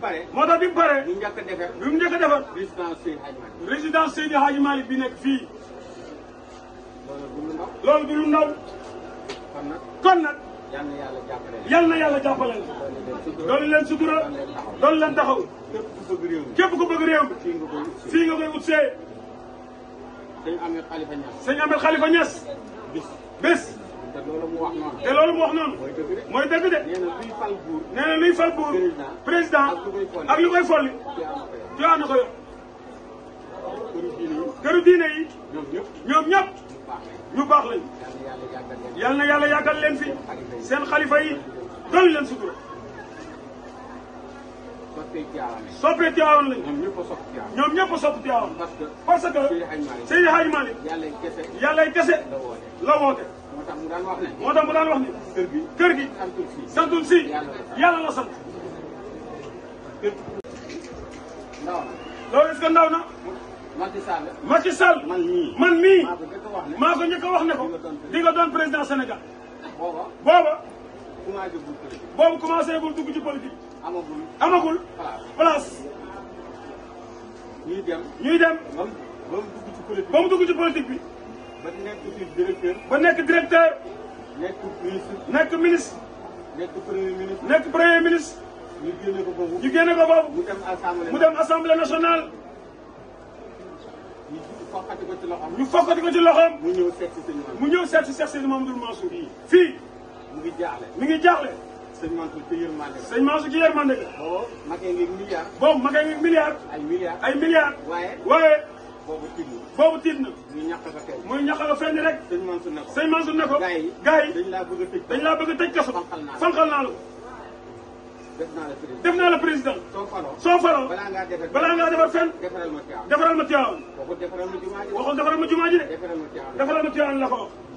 pare moo tax bi mu pare. bi mu njëkk a defar bi résidence Seydi Hadji Malick. résidence bi nekk fii. loolu du lu ndaw. kon yal na yàlla jàppale leen na yàlla jàppale leen. doole leen sutura doole leen taxaw. képp ku bëgg réew mi. fii nga koy utsee. sëñ Ahmed Khalifa Niass. sëñ loolu te loolu mu wax noonu. mooy dëgg de. mooy dëgg luy fal buur. président ak lu koy folli. joo na ko yor. këru diine diine yi. ñoom ñëpp. ñu baax lañu. yal na yàlla yàggal leen fi. seen xalifa yi dolli leen sutura. soppee Tiwaawan lañu. ñoom ñëpp a sopp Tiwaawan. parce que Seydi Hadji Malick. yàllay kese la woote. moo tax mu daan wax ne. moo tax mu daan wax ne. kër gi kër si yàlla la ndaw na. loolu est-ce que ndaw na. Macky man mii man mii. maa ko njëkk a wax ne ko. di nga doon président Sénégal. booba. boobu commencé gul dugg ci politique. amagul amagul. place. ñuy dem ñuy dem. ba mu dugg ci politique bi. ba nekk fi directeur. ba nekk directeur. nekk ministre. nekk ministre. nekk premier ministre. nekk premier ministre. ñu génne ko boobu. ñu génne ko boobu. mu dem assemblée mu dem assemblée nationale. ñu fokkati ko ci loxoom. ñu fokkati ko ci loxoom. mu ñëw seet si sëñ Mansour. mu ñëw seet si Sëñ Mamadou Mansour. fii. mu ngi jaaxle. mi ngi jaaxle. sëñ Mansour ci yërmande la. sëñ Mansour ci yërmande la. boobu ma koy ngeeg milliard. boobu ma koy ngeeg milliard. ay milliards ay milliards. waaye waaye. boobu tiit na. boobu tiit na. muy ñaqal fa fenn. muy ñaqal fa fenn rek. sëñ Mansour ne ko. sëñ Mansour ne ko. gars yi dañ laa bëgg a tëj. dañ laa bëgg a tëj kaso. fanqal naa la fanqal naa la ko. def naa la président def naa la président. soo faroo soo faroo. balaa ngaa defar balaa ngaa defar fenn. defaral ma Tiwaawan defaral ma Tiwaawan. waxul defaral ma jumaa ji de. waxul defaral ma jumaa ji de. defaral ma Tiwaawan la ko wax.